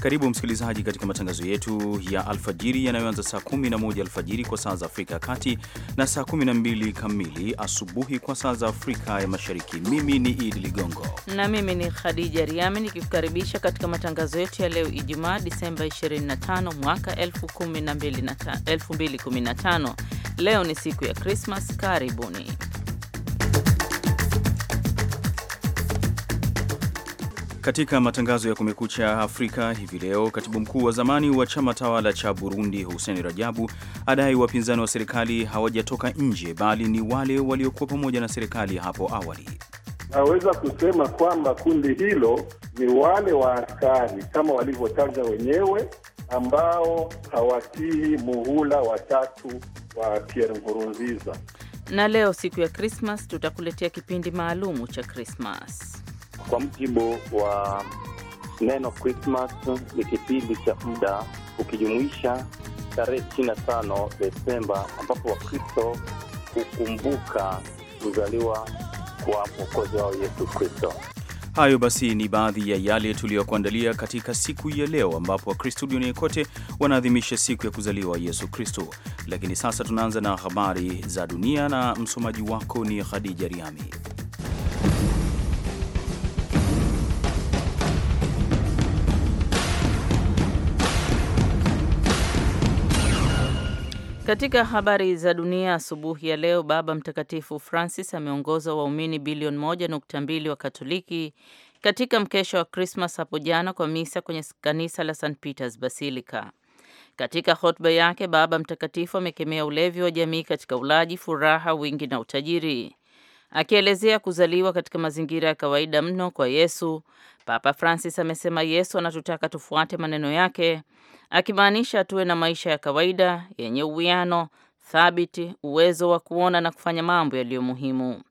Karibu msikilizaji katika matangazo yetu ya alfajiri yanayoanza saa 11 alfajiri kwa saa za Afrika ya Kati na saa 12 kamili asubuhi kwa saa za Afrika ya Mashariki. Mimi ni Idi Ligongo na mimi ni Khadija Riami nikikukaribisha katika matangazo yetu ya leo Ijumaa Disemba 25 mwaka 2015. Leo ni siku ya Krismas. Karibuni. Katika matangazo ya Kumekucha Afrika hivi leo, katibu mkuu wa zamani wa chama tawala cha Burundi Hussein Rajabu adai wapinzani wa serikali hawajatoka nje, bali ni wale waliokuwa pamoja na serikali hapo awali. Naweza kusema kwamba kundi hilo ni wale wa askari kama walivyotaja wenyewe, ambao hawatii muhula watatu wa Pierre Nkurunziza. Na leo siku ya Krismas, tutakuletea kipindi maalumu cha Krismas. Kwa mujibu wa neno Christmas ni kipindi cha muda ukijumuisha tarehe 25 Desemba ambapo Wakristo hukumbuka kuzaliwa kwa mwokozi wao Yesu Kristo. Hayo basi ni baadhi ya yale tuliyokuandalia katika siku ya leo, ambapo Wakristo duniani kote wanaadhimisha siku ya kuzaliwa Yesu Kristo. Lakini sasa tunaanza na habari za dunia, na msomaji wako ni Khadija Riami. Katika habari za dunia asubuhi ya leo, Baba Mtakatifu Francis ameongoza waumini bilioni moja nukta mbili wa Katoliki katika mkesha wa Krismas hapo jana kwa misa kwenye kanisa la St Peters Basilica. Katika hotuba yake, Baba Mtakatifu amekemea ulevi wa jamii katika ulaji, furaha, wingi na utajiri. Akielezea kuzaliwa katika mazingira ya kawaida mno kwa Yesu, Papa Francis amesema Yesu anatutaka tufuate maneno yake akimaanisha tuwe na maisha ya kawaida yenye uwiano thabiti, uwezo wa kuona na kufanya mambo yaliyo muhimu.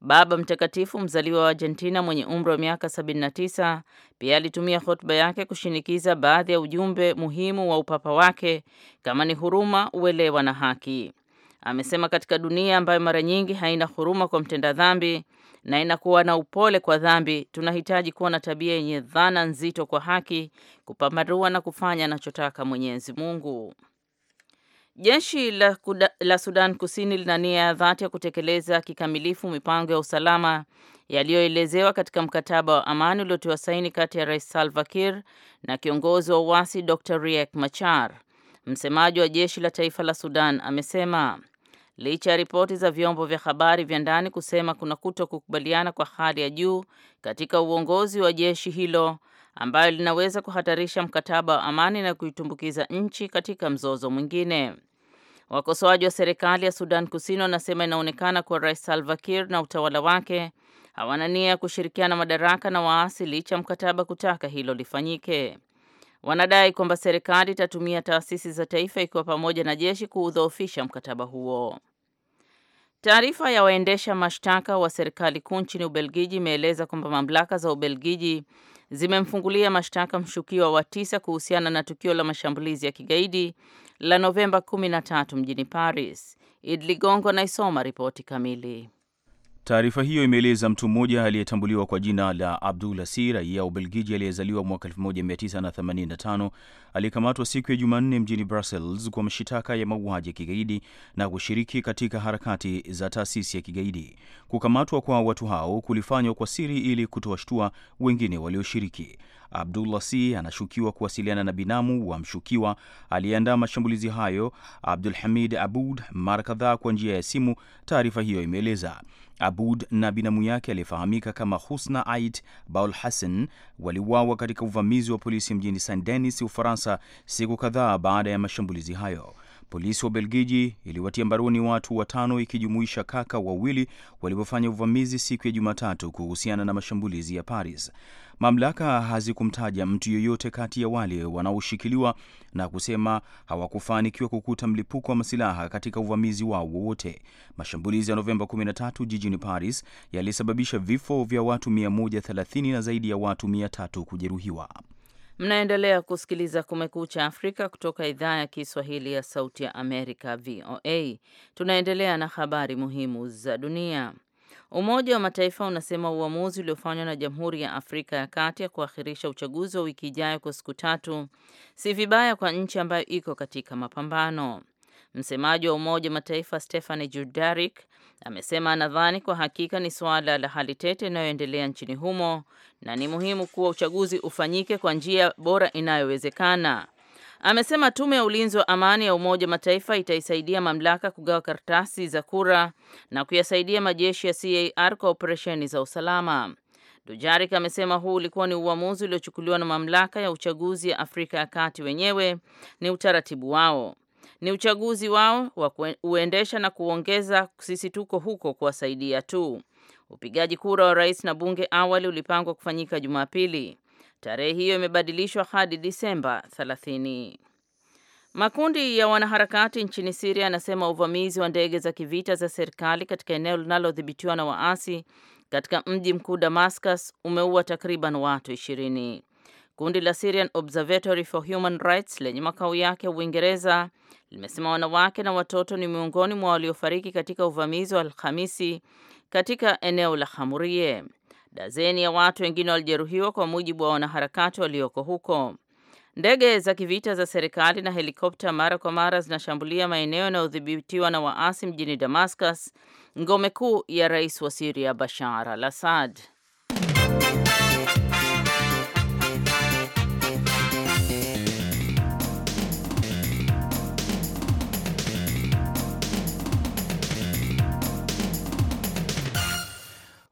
Baba Mtakatifu mzaliwa wa Argentina mwenye umri wa miaka 79 pia alitumia hotuba yake kushinikiza baadhi ya ujumbe muhimu wa upapa wake kama ni huruma, uelewa na haki. Amesema katika dunia ambayo mara nyingi haina huruma kwa mtenda dhambi, na inakuwa na upole kwa dhambi. Tunahitaji kuwa na tabia yenye dhana nzito kwa haki, kupambanua na kufanya anachotaka Mwenyezi Mungu. Jeshi la, kuda, la Sudan Kusini lina nia ya dhati ya kutekeleza kikamilifu mipango ya usalama yaliyoelezewa katika mkataba wa amani uliotiwa saini kati ya Rais Salva Kiir na kiongozi wa uasi Dr. Riek Machar. Msemaji wa jeshi la taifa la Sudan amesema licha ya ripoti za vyombo vya habari vya ndani kusema kuna kuto kukubaliana kwa hali ya juu katika uongozi wa jeshi hilo ambayo linaweza kuhatarisha mkataba wa amani na kuitumbukiza nchi katika mzozo mwingine. Wakosoaji wa serikali ya Sudan Kusini wanasema inaonekana kuwa Rais Salva Kiir na utawala wake hawana nia ya kushirikiana madaraka na waasi licha ya mkataba kutaka hilo lifanyike. Wanadai kwamba serikali itatumia taasisi za taifa ikiwa pamoja na jeshi kuudhoofisha mkataba huo. Taarifa ya waendesha mashtaka wa serikali kuu nchini Ubelgiji imeeleza kwamba mamlaka za Ubelgiji zimemfungulia mashtaka mshukiwa wa tisa kuhusiana na tukio la mashambulizi ya kigaidi la Novemba 13 mjini Paris. Idi Ligongo anaisoma ripoti kamili. Taarifa hiyo imeeleza mtu mmoja aliyetambuliwa kwa jina la Abdul Asi, raia Ubelgiji aliyezaliwa mwaka 1985 aliyekamatwa siku ya Jumanne mjini Brussels kwa mashitaka ya mauaji ya kigaidi na kushiriki katika harakati za taasisi ya kigaidi. Kukamatwa kwa watu hao kulifanywa kwa siri ili kutowashtua wengine walioshiriki. Abdullah C anashukiwa kuwasiliana na binamu wa mshukiwa aliyeandaa mashambulizi hayo Abdul Hamid Abud mara kadhaa kwa njia ya simu, taarifa hiyo imeeleza. Abud na binamu yake aliyefahamika kama Husna Ait Baul Hassan waliuawa katika uvamizi wa polisi mjini Saint Denis, Ufaransa, siku kadhaa baada ya mashambulizi hayo. Polisi wa Belgiji iliwatia mbaroni watu watano ikijumuisha kaka wawili walipofanya uvamizi siku ya Jumatatu kuhusiana na mashambulizi ya Paris. Mamlaka hazikumtaja mtu yeyote kati ya wale wanaoshikiliwa na kusema hawakufanikiwa kukuta mlipuko wa masilaha katika uvamizi wao wowote. Mashambulizi ya Novemba 13 jijini Paris yalisababisha vifo vya watu 130 na zaidi ya watu 300 kujeruhiwa. Mnaendelea kusikiliza Kumekucha Afrika kutoka idhaa ya Kiswahili ya Sauti ya Amerika, VOA. Tunaendelea na habari muhimu za dunia. Umoja wa Mataifa unasema uamuzi uliofanywa na Jamhuri ya Afrika ya Kati ya kuahirisha uchaguzi wa wiki ijayo kwa siku tatu si vibaya kwa nchi ambayo iko katika mapambano. Msemaji wa Umoja wa Mataifa stephani Judarik amesema anadhani kwa hakika ni suala la hali tete inayoendelea nchini humo na ni muhimu kuwa uchaguzi ufanyike kwa njia bora inayowezekana. Amesema tume ya ulinzi wa amani ya Umoja wa Mataifa itaisaidia mamlaka kugawa karatasi za kura na kuyasaidia majeshi ya CAR kwa operesheni za usalama. Dujarik amesema huu ulikuwa ni uamuzi uliochukuliwa na mamlaka ya uchaguzi ya Afrika ya Kati, wenyewe ni utaratibu wao. Ni uchaguzi wao wa kuendesha na kuongeza, sisi tuko huko kuwasaidia tu. Upigaji kura wa rais na bunge awali ulipangwa kufanyika Jumapili. Tarehe hiyo imebadilishwa hadi Disemba 30. Makundi ya wanaharakati nchini siria yanasema uvamizi wa ndege za kivita za serikali katika eneo linalodhibitiwa na waasi katika mji mkuu Damascus umeua takriban watu ishirini Kundi la Syrian Observatory for Human Rights lenye makao yake Uingereza limesema wanawake na watoto ni miongoni mwa waliofariki katika uvamizi wa Alhamisi katika eneo la Hamurie. Dazeni ya watu wengine walijeruhiwa kwa mujibu wa wanaharakati walioko huko. Ndege za kivita za serikali na helikopta mara kwa mara zinashambulia maeneo yanayodhibitiwa na waasi mjini Damascus, ngome kuu ya rais wa Syria Bashar al-Assad.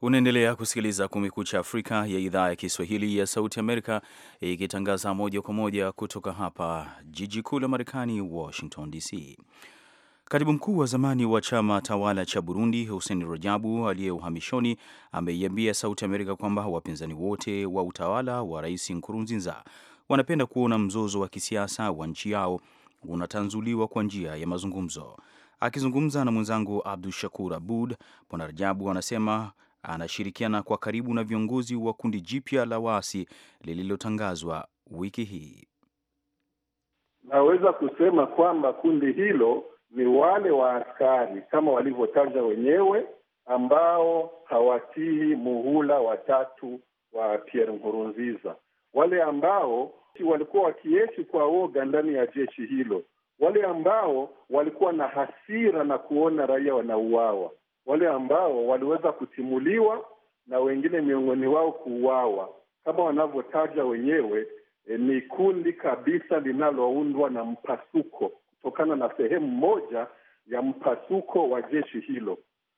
Unaendelea kusikiliza Kumekucha Afrika ya idhaa ya Kiswahili ya Sauti Amerika, ikitangaza moja kwa moja kutoka hapa jiji kuu la Marekani, Washington DC. Katibu mkuu wa zamani wa chama tawala cha Burundi, Hussein Rajabu, aliye uhamishoni, ameiambia Sauti Amerika kwamba wapinzani wote wa utawala wa Rais Nkurunziza wanapenda kuona mzozo wa kisiasa wa nchi yao unatanzuliwa kwa njia ya mazungumzo. Akizungumza na mwenzangu Abdu Shakur Abud, Bwana Rajabu anasema anashirikiana kwa karibu na viongozi wa kundi jipya la waasi lililotangazwa wiki hii. Naweza kusema kwamba kundi hilo ni wale wa askari kama walivyotaja wenyewe ambao hawatii muhula watatu wa Pierre Nkurunziza, wale ambao walikuwa wakiishi kwa woga ndani ya jeshi hilo, wale ambao walikuwa na hasira na kuona raia wanauawa, wale ambao waliweza kutimuliwa na wengine miongoni wao kuuawa. Kama wanavyotaja wenyewe e, ni kundi kabisa linaloundwa na mpasuko kutokana na sehemu moja ya mpasuko wa jeshi hilo,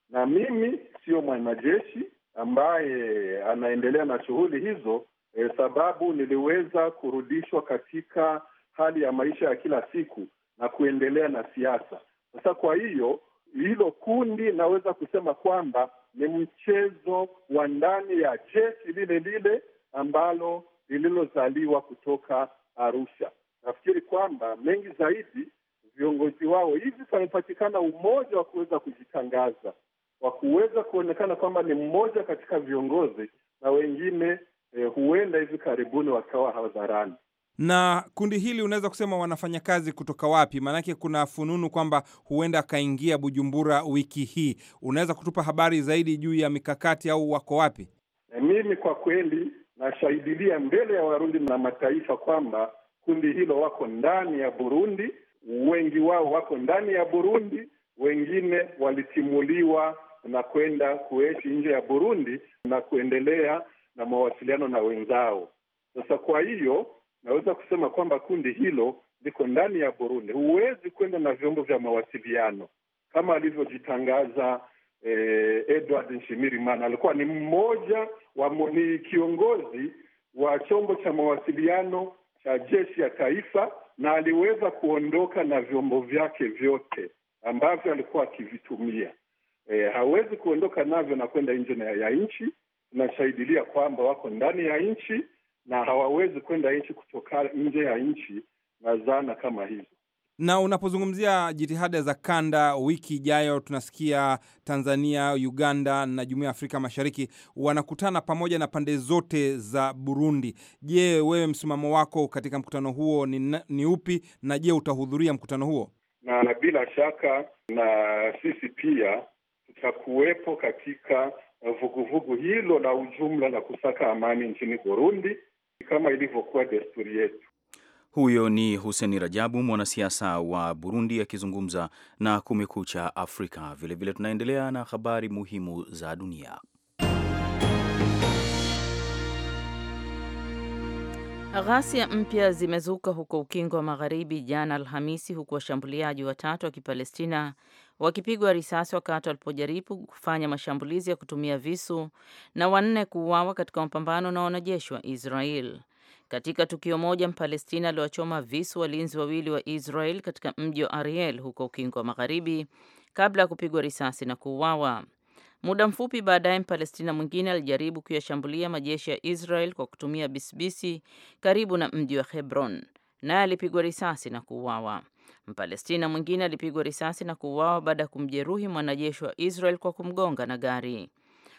na mimi sio mwanajeshi ambaye anaendelea na shughuli hizo e, sababu niliweza kurudishwa katika hali ya maisha ya kila siku na kuendelea na siasa sasa. Kwa hiyo hilo kundi, naweza kusema kwamba ni mchezo wa ndani ya jeshi lile lile ambalo lililozaliwa kutoka Arusha. Nafikiri kwamba mengi zaidi viongozi wao hivi pamepatikana umoja wa kuweza kujitangaza, wa kuweza kuonekana kwamba ni mmoja katika viongozi na wengine eh, huenda hivi karibuni wakawa hadharani. Na kundi hili unaweza kusema wanafanya kazi kutoka wapi? Maanake kuna fununu kwamba huenda akaingia Bujumbura wiki hii. Unaweza kutupa habari zaidi juu ya mikakati au wako wapi? Mimi kwa kweli nashahidilia mbele ya Warundi na mataifa kwamba kundi hilo wako ndani ya Burundi, wengi wao wako ndani ya Burundi, wengine walitimuliwa na kwenda kuishi nje ya Burundi na kuendelea na mawasiliano na wenzao. Sasa kwa hiyo naweza kusema kwamba kundi hilo liko ndani ya Burundi. Huwezi kwenda na vyombo vya mawasiliano kama alivyojitangaza eh, Edward Nshimirimana. Alikuwa ni mmoja wa ni kiongozi wa chombo cha mawasiliano cha jeshi ya taifa, na aliweza kuondoka na vyombo vyake vyote ambavyo alikuwa akivitumia. Eh, hawezi kuondoka navyo na kwenda nje ya nchi. Tunashahidilia kwamba wako ndani ya nchi na hawawezi kwenda nchi kutoka nje ya nchi na zana kama hizo. Na unapozungumzia jitihada za kanda, wiki ijayo tunasikia Tanzania, Uganda na Jumuiya ya Afrika Mashariki wanakutana pamoja na pande zote za Burundi. Je, wewe msimamo wako katika mkutano huo ni, ni upi na je utahudhuria mkutano huo? Na, na bila shaka na sisi pia tutakuwepo katika vuguvugu hilo la ujumla la kusaka amani nchini Burundi kama ilivyokuwa desturi yetu. Huyo ni huseni Rajabu, mwanasiasa wa Burundi akizungumza na Kumekucha Afrika. Vilevile vile tunaendelea na habari muhimu za dunia. Ghasia mpya zimezuka huko Ukingo wa Magharibi jana Alhamisi, huku washambuliaji watatu wa Kipalestina wakipigwa risasi wakati walipojaribu kufanya mashambulizi ya kutumia visu na wanne kuuawa katika mapambano na wanajeshi wa Israel. Katika tukio moja, Mpalestina aliwachoma visu walinzi wawili wa Israel katika mji wa Ariel huko Ukingo wa Magharibi kabla ya kupigwa risasi na kuuawa. Muda mfupi baadaye, Mpalestina mwingine alijaribu kuyashambulia majeshi ya Israel kwa kutumia bisibisi karibu na mji wa Hebron, naye alipigwa risasi na kuuawa. Mpalestina mwingine alipigwa risasi na kuuawa baada ya kumjeruhi mwanajeshi wa Israel kwa kumgonga na gari.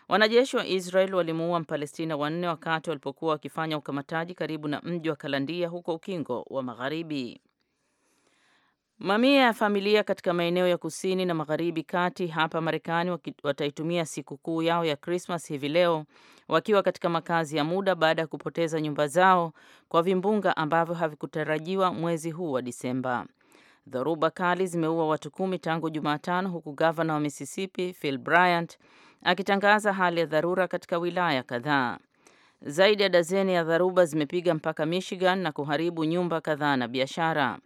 Wanajeshi wa Israel walimuua Mpalestina wanne wakati walipokuwa wakifanya ukamataji karibu na mji wa Kalandia huko Ukingo wa Magharibi. Mamia ya familia katika maeneo ya kusini na magharibi kati hapa Marekani wataitumia sikukuu yao ya Krismas hivi leo wakiwa katika makazi ya muda baada ya kupoteza nyumba zao kwa vimbunga ambavyo havikutarajiwa mwezi huu wa Disemba. Dhoruba kali zimeua watu kumi tangu Jumatano, huku gavana wa Mississippi Phil Bryant akitangaza hali ya dharura katika wilaya kadhaa. Zaidi ya dazeni ya dharuba zimepiga mpaka Michigan na kuharibu nyumba kadhaa na biashara.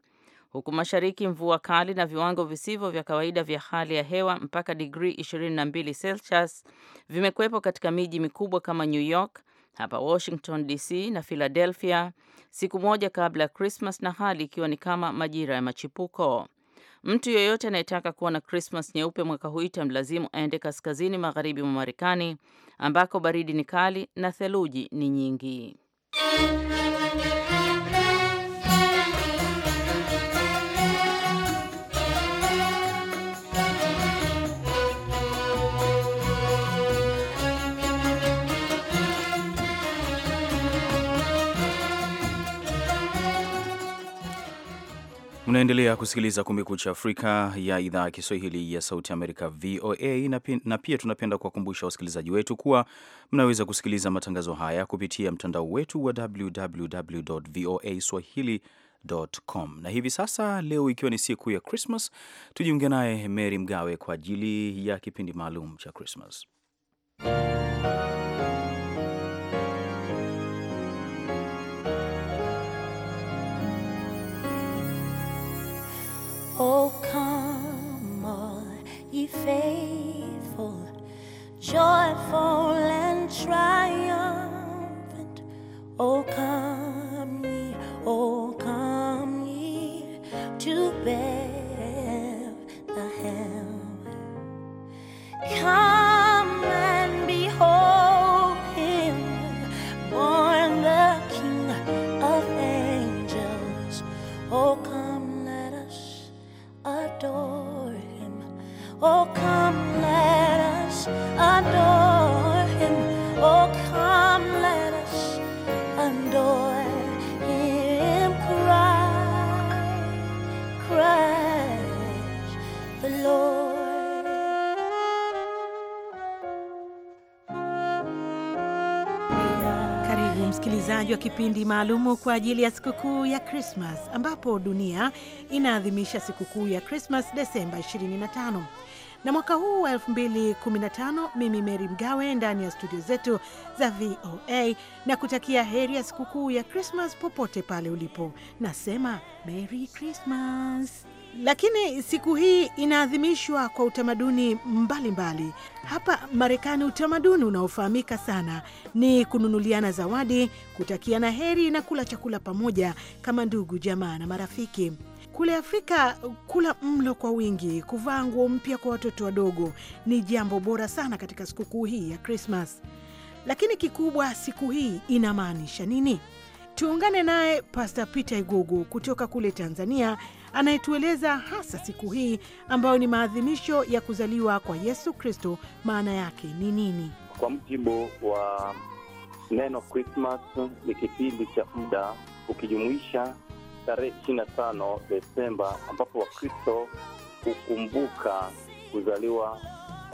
Huku mashariki, mvua kali na viwango visivyo vya kawaida vya hali ya hewa mpaka digrii 22 Celsius vimekwepo katika miji mikubwa kama New York, hapa Washington DC na Philadelphia siku moja kabla ya Krismas na hali ikiwa ni kama majira ya machipuko. Mtu yeyote anayetaka kuona Krismas nyeupe mwaka huu itamlazimu aende kaskazini magharibi mwa Marekani ambako baridi ni kali na theluji ni nyingi. Mnaendelea kusikiliza Kumekucha Afrika ya idhaa ya Kiswahili ya Sauti Amerika, VOA, na pia tunapenda kuwakumbusha wasikilizaji wetu kuwa mnaweza kusikiliza matangazo haya kupitia mtandao wetu wa www voa swahili.com. Na hivi sasa leo, ikiwa ni siku ya Krismas, tujiunge naye Mary Mgawe kwa ajili ya kipindi maalum cha Krismas. Oh, come, all ye faithful, joyful. kipindi maalumu kwa ajili ya sikukuu ya Krismas ambapo dunia inaadhimisha sikukuu ya Krismas Desemba 25 na mwaka huu wa 2015. Mimi Meri Mgawe ndani ya studio zetu za VOA na kutakia heri ya sikukuu ya Krismas popote pale ulipo, nasema Merry Krismas. Lakini siku hii inaadhimishwa kwa utamaduni mbalimbali mbali. Hapa Marekani utamaduni unaofahamika sana ni kununuliana zawadi, kutakiana heri na kula chakula pamoja kama ndugu, jamaa na marafiki. Kule Afrika kula mlo kwa wingi, kuvaa nguo mpya kwa watoto wadogo ni jambo bora sana katika sikukuu hii ya Krismas. Lakini kikubwa, siku hii inamaanisha nini? Tuungane naye Pasta Peter Igogo kutoka kule Tanzania anayetueleza hasa siku hii ambayo ni maadhimisho ya kuzaliwa kwa Yesu Kristo maana yake ni nini. Kwa mujibu wa neno Krismas ni kipindi cha muda ukijumuisha tarehe 25 Desemba ambapo Wakristo hukumbuka kuzaliwa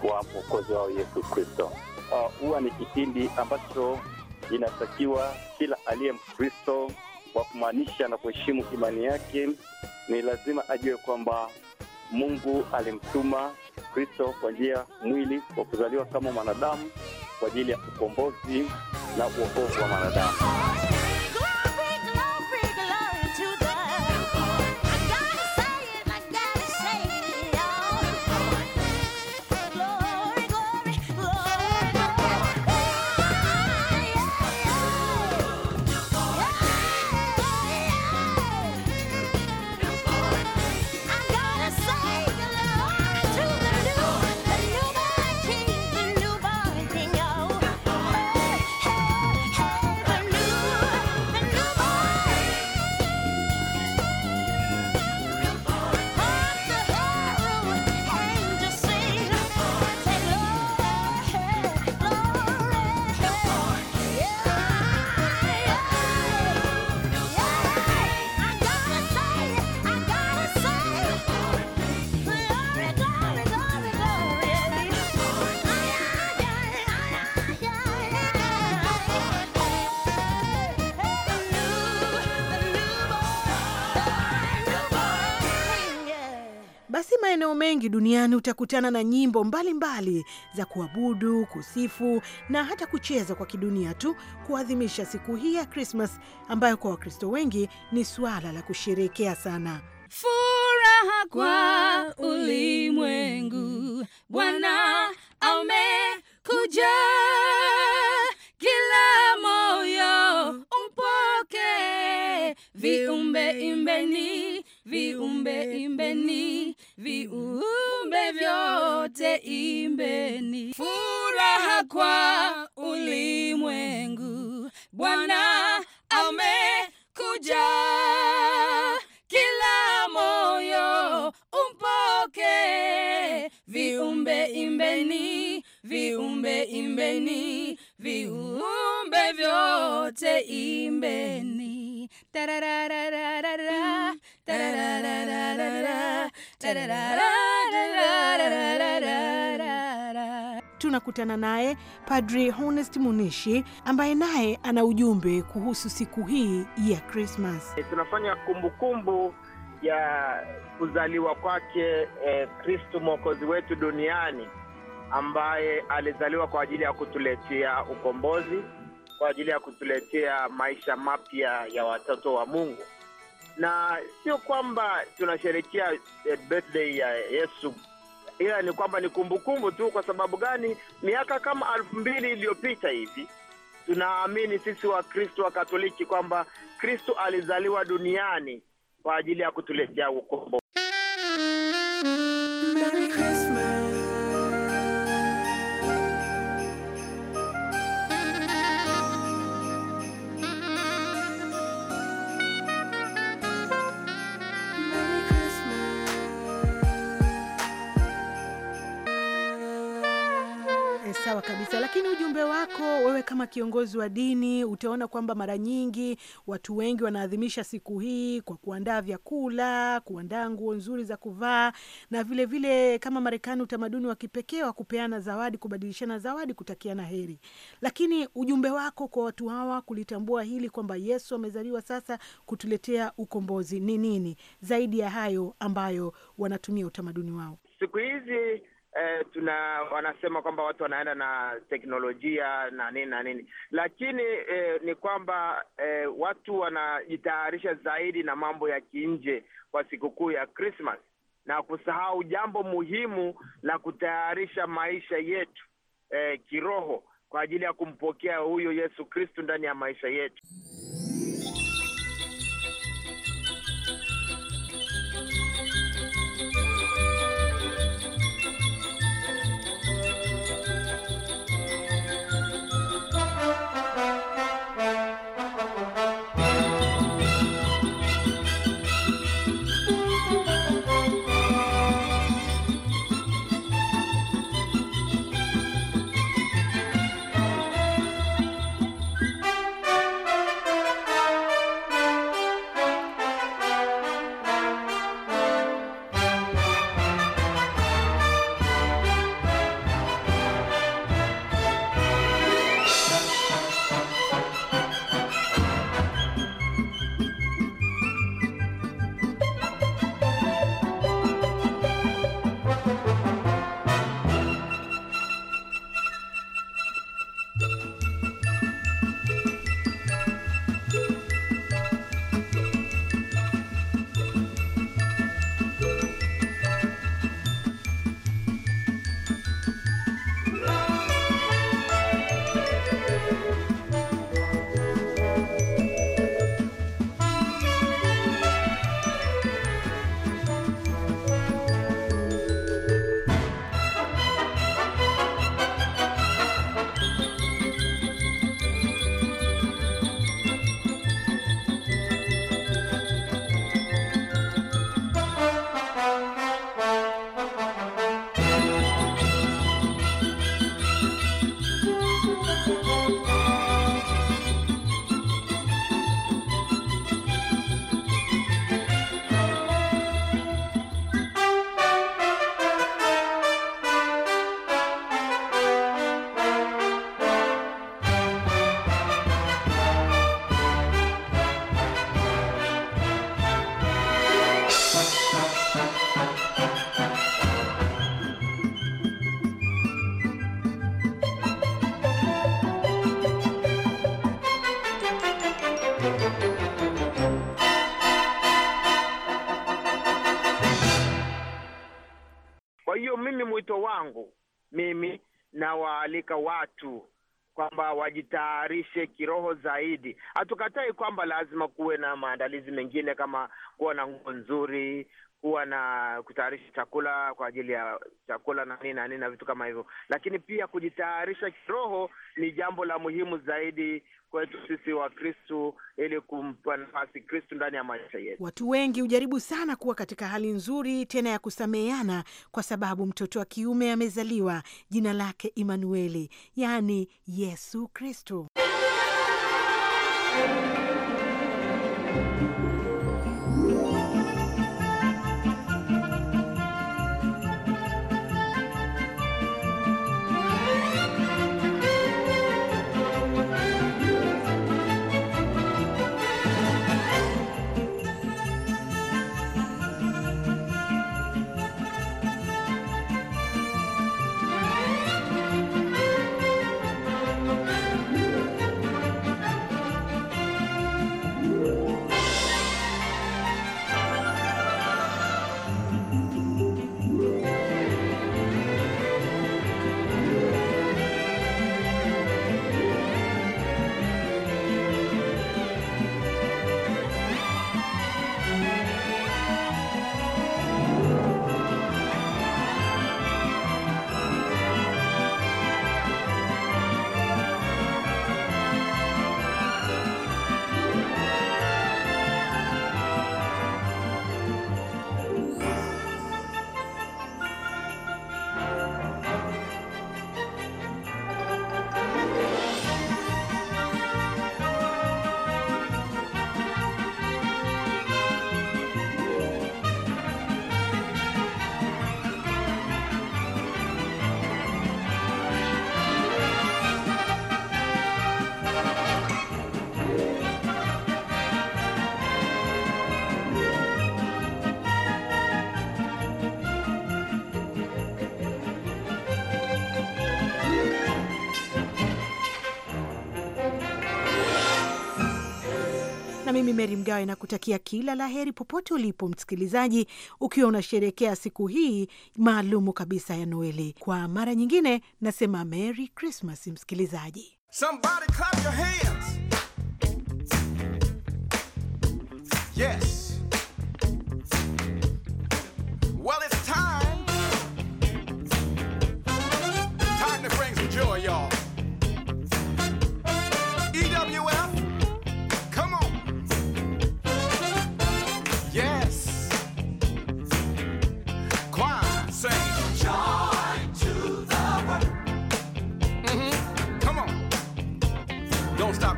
kwa mwokozi wao Yesu Kristo. Ah, huwa uh, ni kipindi ambacho inatakiwa kila aliye Mkristo kwa kumaanisha na kuheshimu imani yake ni lazima ajue kwamba Mungu alimtuma Kristo kwa njia mwili kwa kuzaliwa kama mwanadamu kwa ajili ya ukombozi na uokovu wa mwanadamu. nyingi duniani utakutana na nyimbo mbalimbali mbali za kuabudu, kusifu na hata kucheza kwa kidunia tu kuadhimisha siku hii ya Krismas ambayo kwa Wakristo wengi ni suala la kusherekea sana. Furaha kwa ulimwengu, Bwana amekuja, kila moyo umpoke, viumbe imbeni, viumbe imbeni viumbe mm. vyote imbeni, furaha kwa ulimwengu, Bwana amekuja, kila moyo umpoke, viumbe imbeni, viumbe imbeni, viumbe vyote imbeni tararararara mm. tararararara Tunakutana naye Padri Honest Munishi ambaye naye ana ujumbe kuhusu siku hii ya Krismas. Eh, tunafanya kumbukumbu ya kuzaliwa kwake eh, Kristu eh, mwokozi wetu duniani ambaye alizaliwa kwa ajili ya kutuletea ukombozi, kwa ajili ya kutuletea maisha mapya ya watoto wa Mungu na sio kwamba tunasherehekea eh, birthday ya Yesu, ila ni kwamba ni kumbukumbu tu. Kwa sababu gani? Miaka kama alfu mbili iliyopita hivi tunaamini sisi wa kristo wa Katoliki kwamba Kristo alizaliwa duniani kwa ajili ya kutuletea ukombo upande wako wewe kama kiongozi wa dini utaona kwamba mara nyingi watu wengi wanaadhimisha siku hii kwa kuandaa vyakula, kuandaa nguo nzuri za kuvaa na vilevile vile kama Marekani utamaduni wa kipekee wa kupeana zawadi, kubadilishana zawadi, kutakiana heri. Lakini ujumbe wako kwa watu hawa kulitambua hili kwamba Yesu amezaliwa sasa kutuletea ukombozi ni nini zaidi ya hayo ambayo wanatumia utamaduni wao siku hizi? eh, tuna wanasema kwamba watu wanaenda na teknolojia na nini na nini, lakini eh, ni kwamba eh, watu wanajitayarisha zaidi na mambo ya kinje kwa sikukuu ya Christmas na kusahau jambo muhimu la kutayarisha maisha yetu eh, kiroho kwa ajili ya kumpokea huyo Yesu Kristo ndani ya maisha yetu. wangu mimi nawaalika watu kwamba wajitayarishe kiroho zaidi. Hatukatai kwamba lazima kuwe na maandalizi mengine kama kuwa na nguo nzuri, kuwa na kutayarisha chakula kwa ajili ya chakula na nini na nini na vitu kama hivyo, lakini pia kujitayarisha kiroho ni jambo la muhimu zaidi kwetu sisi wa Kristu ili kumpa nafasi Kristu ndani ya maisha yetu. Watu wengi hujaribu sana kuwa katika hali nzuri tena ya kusameheana, kwa sababu mtoto wa kiume amezaliwa, jina lake Imanueli, yaani Yesu Kristu. ni Meri Mgawe na kutakia kila la heri popote ulipo msikilizaji, ukiwa unasherekea siku hii maalumu kabisa ya Noeli. Kwa mara nyingine nasema Merry Christmas msikilizaji. Somebody clap your hands. Yes.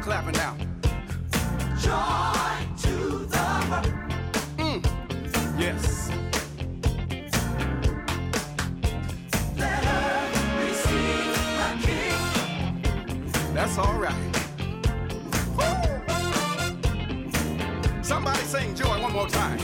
clapping now. Joy to the mm. Yes. That's all right. Woo. Somebody sing joy one more time.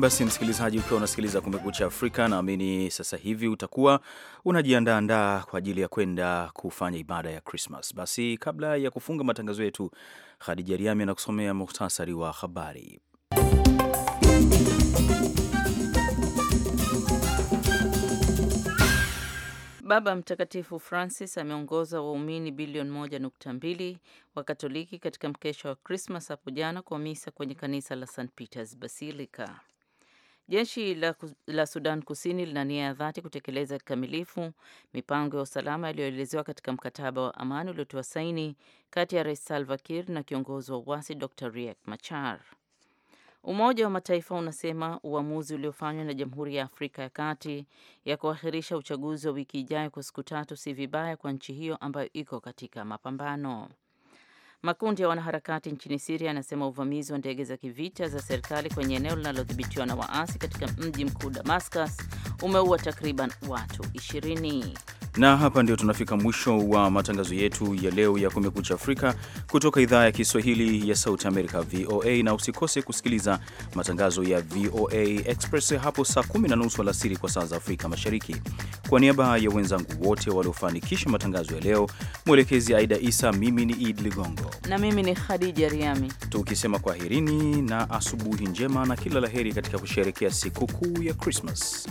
basi msikilizaji, ukiwa unasikiliza Kumekucha Afrika, naamini sasa hivi utakuwa unajiandaandaa kwa ajili ya kwenda kufanya ibada ya Krismas. Basi kabla ya kufunga matangazo yetu, Khadija Riami anakusomea muhtasari wa habari. Baba Mtakatifu Francis ameongoza waumini bilioni moja wa Katoliki katika mkesha wa Krismas hapo jana kwa misa kwenye kanisa la St Peters Basilica. Jeshi la, la Sudan Kusini lina nia ya dhati kutekeleza kikamilifu mipango ya usalama iliyoelezewa katika mkataba wa amani uliotiwa saini kati ya Rais Salva Kiir na kiongozi wa uasi Dr. Riek Machar. Umoja wa Mataifa unasema uamuzi uliofanywa na Jamhuri ya Afrika ya Kati ya kuahirisha uchaguzi wa wiki ijayo kwa siku tatu si vibaya kwa nchi hiyo ambayo iko katika mapambano. Makundi ya wanaharakati nchini Siria yanasema uvamizi wa ndege za kivita za serikali kwenye eneo linalodhibitiwa na waasi katika mji mkuu Damascus umeua takriban watu 20. Na hapa ndio tunafika mwisho wa matangazo yetu ya leo ya Kumekucha Afrika kutoka idhaa ya Kiswahili ya Sauti Amerika, VOA. Na usikose kusikiliza matangazo ya VOA Express hapo saa kumi na nusu alasiri kwa saa za Afrika Mashariki. Kwa niaba ya wenzangu wote waliofanikisha matangazo ya leo, mwelekezi Aida Isa, mimi ni Idi Ligongo na mimi ni Khadija Riami, tukisema kwaherini na asubuhi njema na kila la heri katika kusherekea sikukuu ya Krismas.